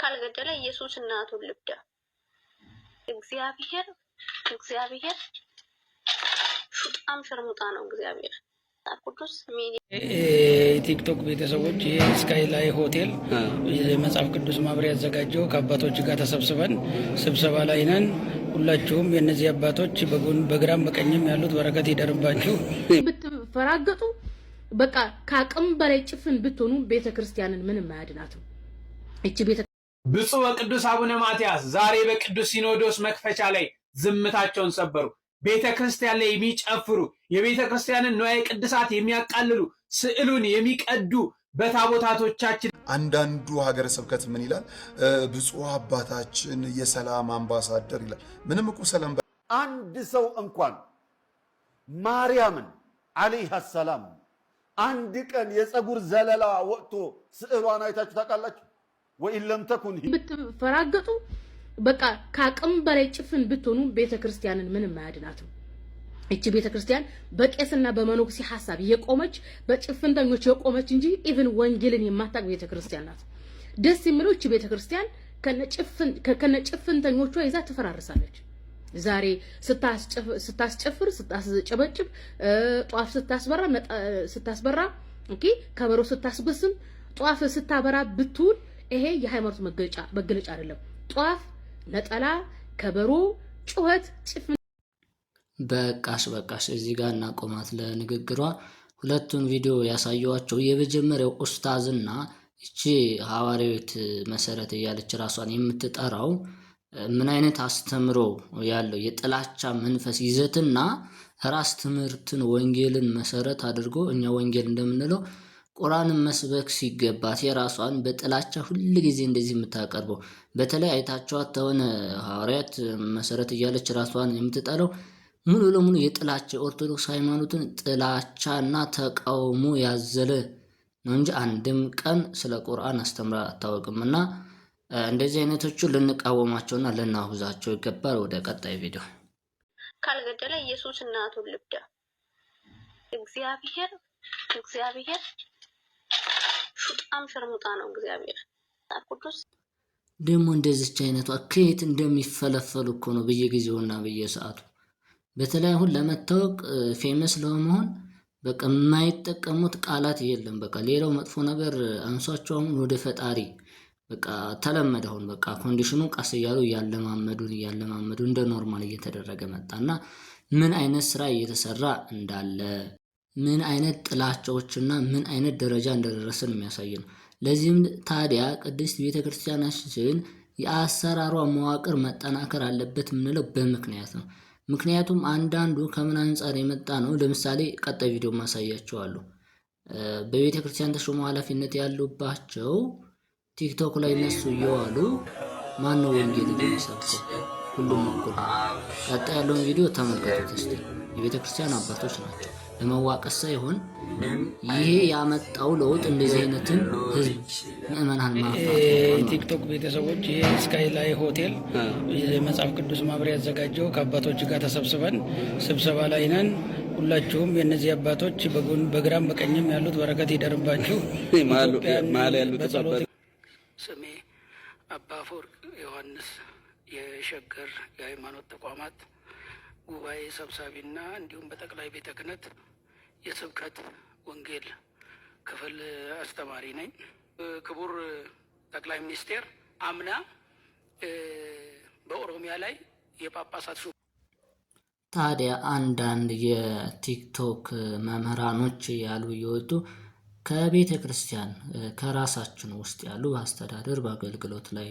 ካልገደለ ኢየሱስ እናቱን ልብዳ። እግዚአብሔር እግዚአብሔር ሹጣም ሸርሙጣ ነው እግዚአብሔር። ቲክቶክ ቤተሰቦች ይሄ ስካይላይ ላይ ሆቴል የመጽሐፍ ቅዱስ ማብሪያ ያዘጋጀው ከአባቶች ጋር ተሰብስበን ስብሰባ ላይ ነን። ሁላችሁም የእነዚህ አባቶች በግራም በቀኝም ያሉት በረከት ይደርባችሁ። ብትፈራገጡ በቃ ከአቅም በላይ ጭፍን ብትሆኑ ቤተ ክርስቲያንን ምንም አያድናትም። እቺ ቤተ ብፁዕ ወቅዱስ አቡነ ማትያስ ዛሬ በቅዱስ ሲኖዶስ መክፈቻ ላይ ዝምታቸውን ሰበሩ። ቤተ ክርስቲያን ላይ የሚጨፍሩ የቤተ ክርስቲያንን ንዋየ ቅድሳት የሚያቃልሉ ስዕሉን የሚቀዱ በታቦታቶቻችን አንዳንዱ ሀገረ ስብከት ምን ይላል? ብፁዕ አባታችን የሰላም አምባሳደር ይላል። ምንም እኮ ሰላም አንድ ሰው እንኳን ማርያምን አለይሃ ሰላም አንድ ቀን የፀጉር ዘለላ ወጥቶ ስዕሏን አይታችሁ ታውቃላችሁ? ወኢለም ተኩን ብትፈራገጡ በቃ ከአቅም በላይ ጭፍን ብትሆኑ ቤተክርስቲያንን ምንም አያድናትም። እቺ ቤተክርስቲያን በቄስና በመኖክሲ ሀሳብ የቆመች በጭፍንተኞች የቆመች እንጂ ኢቭን ወንጌልን የማታቅ ቤተክርስቲያን ናት። ደስ የሚለው እቺ ቤተክርስቲያን ከነጭፍንተኞቿ ይዛ ትፈራርሳለች። ዛሬ ስታስጨፍር፣ ስታስጨበጭብ፣ ጧፍ ስታስበራ ስታስበራ፣ ከበሮ ስታስበስም፣ ጧፍ ስታበራ ብትውል ይሄ የሃይማኖት መገለጫ መገለጫ አይደለም። ጧፍ፣ ነጠላ፣ ከበሮ፣ ጩኸት፣ ጭፍ በቃሽ በቃሽ፣ እዚህ ጋር እናቆማት ለንግግሯ። ሁለቱን ቪዲዮ ያሳየዋቸው የመጀመሪያው ኡስታዝና እቺ ሐዋርያዊት መሰረት እያለች ራሷን የምትጠራው ምን አይነት አስተምሮ ያለው የጥላቻ መንፈስ ይዘትና ራስ ትምህርትን ወንጌልን መሰረት አድርጎ እኛ ወንጌል እንደምንለው ቁርአንን መስበክ ሲገባት የራሷን በጥላቻ ሁል ጊዜ እንደዚህ የምታቀርበው በተለይ አይታቸዋት ተሆነ ሐዋርያት መሰረት እያለች ራሷን የምትጠለው ሙሉ ለሙሉ የጥላቻ ኦርቶዶክስ ሃይማኖትን ጥላቻና ተቃውሞ ያዘለ ነው እንጂ አንድም ቀን ስለ ቁርአን አስተምራ አታወቅም። እና እንደዚህ አይነቶቹ ልንቃወማቸውና ልናውዛቸው ይገባል። ወደ ቀጣይ ቪዲዮ ካልገደለ ኢየሱስ እናቱን ልብዳ እግዚአብሔር እግዚአብሔር ሹጣም ሸርሙጣ ነው እግዚአብሔር ቅዱስ ደግሞ እንደዚች አይነቷ ከየት እንደሚፈለፈሉ እኮ ነው በየጊዜውና በየሰዓቱ። በተለይ አሁን ለመታወቅ ፌመስ ለመሆን በቃ የማይጠቀሙት ቃላት የለም። በቃ ሌላው መጥፎ ነገር አንሷቸው አሁን ወደ ፈጣሪ በቃ ተለመደ። አሁን በቃ ኮንዲሽኑ ቀስ እያሉ እያለማመዱን እያለማመዱ እንደ ኖርማል እየተደረገ መጣና ምን አይነት ስራ እየተሰራ እንዳለ ምን አይነት ጥላቻዎችና ምን አይነት ደረጃ እንደደረሰ ነው የሚያሳይ ነው። ለዚህም ታዲያ ቅድስት ቤተ ክርስቲያናችን የአሰራሯ መዋቅር መጠናከር አለበት የምንለው በምክንያት ነው። ምክንያቱም አንዳንዱ ከምን አንጻር የመጣ ነው። ለምሳሌ ቀጣይ ቪዲዮ ማሳያቸዋለሁ። በቤተ ክርስቲያን ተሾመ ኃላፊነት ያሉባቸው ቲክቶክ ላይ እነሱ እየዋሉ ማን ነው ወንጌል የሚሰብከው? ሁሉም እኩል። ቀጣይ ያለውን ቪዲዮ ተመልከቱት እስቲ። የቤተ ክርስቲያን አባቶች ናቸው። ለመዋቀሳ ይሆን? ይሄ ያመጣው ለውጥ እንደዚህ አይነትን ህዝብ ምእመናን ቲክቶክ ቤተሰቦች ይሄ ስካይ ላይ ሆቴል የመጽሐፍ ቅዱስ ማብሪ ያዘጋጀው ከአባቶች ጋር ተሰብስበን ስብሰባ ላይ ነን። ሁላችሁም የእነዚህ አባቶች በግራም በቀኝም ያሉት በረከት ይደርባችሁ። ስሜ አባ አፈወርቅ ዮሐንስ የሸገር የሃይማኖት ተቋማት ጉባኤ ሰብሳቢና እንዲሁም በጠቅላይ ቤተ ክህነት የስብከት ወንጌል ክፍል አስተማሪ ነኝ። ክቡር ጠቅላይ ሚኒስቴር አምና በኦሮሚያ ላይ የጳጳሳት ታዲያ አንዳንድ የቲክቶክ መምህራኖች ያሉ እየወጡ ከቤተ ክርስቲያን ከራሳችን ውስጥ ያሉ በአስተዳደር በአገልግሎት ላይ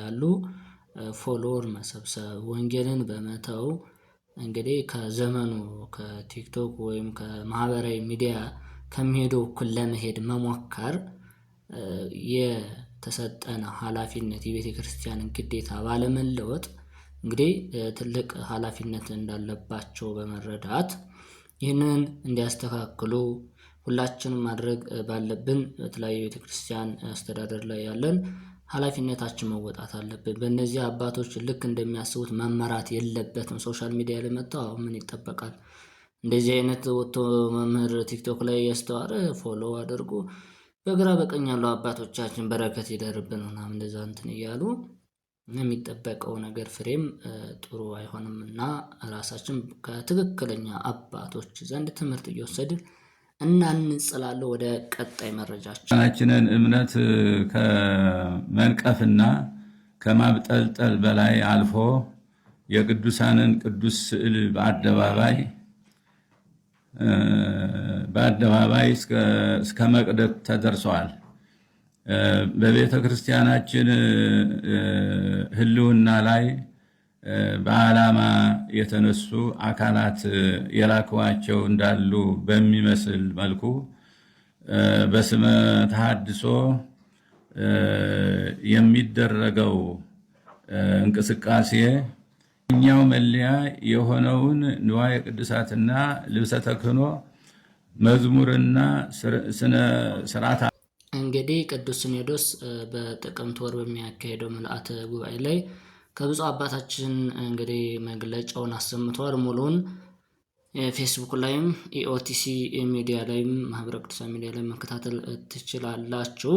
ያሉ ፎሎወር መሰብሰብ ወንጌልን በመተው እንግዲህ ከዘመኑ ከቲክቶክ ወይም ከማህበራዊ ሚዲያ ከሚሄደው እኩል ለመሄድ መሞከር የተሰጠን ኃላፊነት የቤተ ክርስቲያንን ግዴታ ባለመለወጥ እንግዲህ ትልቅ ኃላፊነት እንዳለባቸው በመረዳት ይህንን እንዲያስተካክሉ ሁላችንም ማድረግ ባለብን በተለያዩ ቤተክርስቲያን አስተዳደር ላይ ያለን ኃላፊነታችን መወጣት አለብን። በእነዚህ አባቶች ልክ እንደሚያስቡት መመራት የለበትም። ሶሻል ሚዲያ ለመጣው ምን ይጠበቃል? እንደዚህ አይነት ወጥቶ መምህር ቲክቶክ ላይ ያስተዋረ ፎሎ አድርጎ በግራ በቀኝ ያሉ አባቶቻችን በረከት ይደርብን ምናምን እንደዛ እንትን እያሉ የሚጠበቀው ነገር ፍሬም ጥሩ አይሆንም እና ራሳችን ከትክክለኛ አባቶች ዘንድ ትምህርት እየወሰድን እናንጽላለን። ወደ ቀጣይ መረጃችንን እምነት ከመንቀፍና ከማብጠልጠል በላይ አልፎ የቅዱሳንን ቅዱስ ስዕል በአደባባይ በአደባባይ እስከ መቅደት ተደርሰዋል። በቤተ ክርስቲያናችን ሕልውና ላይ በዓላማ የተነሱ አካላት የላከዋቸው እንዳሉ በሚመስል መልኩ በስመ ተሐድሶ የሚደረገው እንቅስቃሴ እኛው መለያ የሆነውን ንዋየ ቅዱሳትና ልብሰ ተክህኖ መዝሙርና ስርዓት እንግዲህ ቅዱስ ሲኖዶስ በጥቅምት ወር በሚያካሄደው ምልአተ ጉባኤ ላይ ከብፁዕ አባታችን እንግዲህ መግለጫውን አሰምተዋል። ሙሉውን ፌስቡክ ላይም ኢኦቲሲ ሚዲያ ላይም ማህበረ ቅዱሳን ሚዲያ ላይ መከታተል ትችላላችሁ።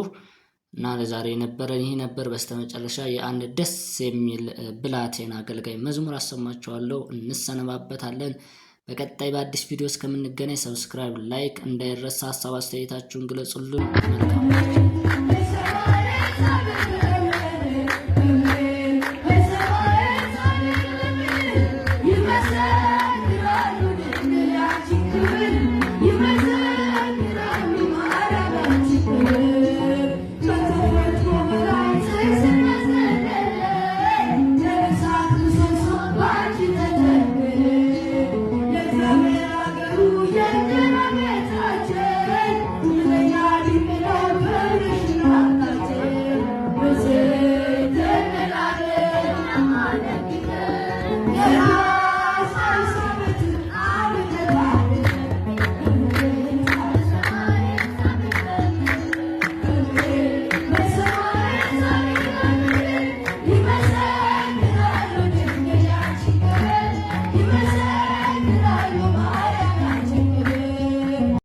እና ለዛሬ የነበረ ይህ ነበር። በስተመጨረሻ የአንድ ደስ የሚል ብላቴን አገልጋይ መዝሙር አሰማችኋለሁ። እንሰነባበታለን። በቀጣይ በአዲስ ቪዲዮ እስከምንገናኝ ሰብስክራይብ፣ ላይክ እንዳይረሳ። ሀሳብ አስተያየታችሁን ግለጹልን። መልካም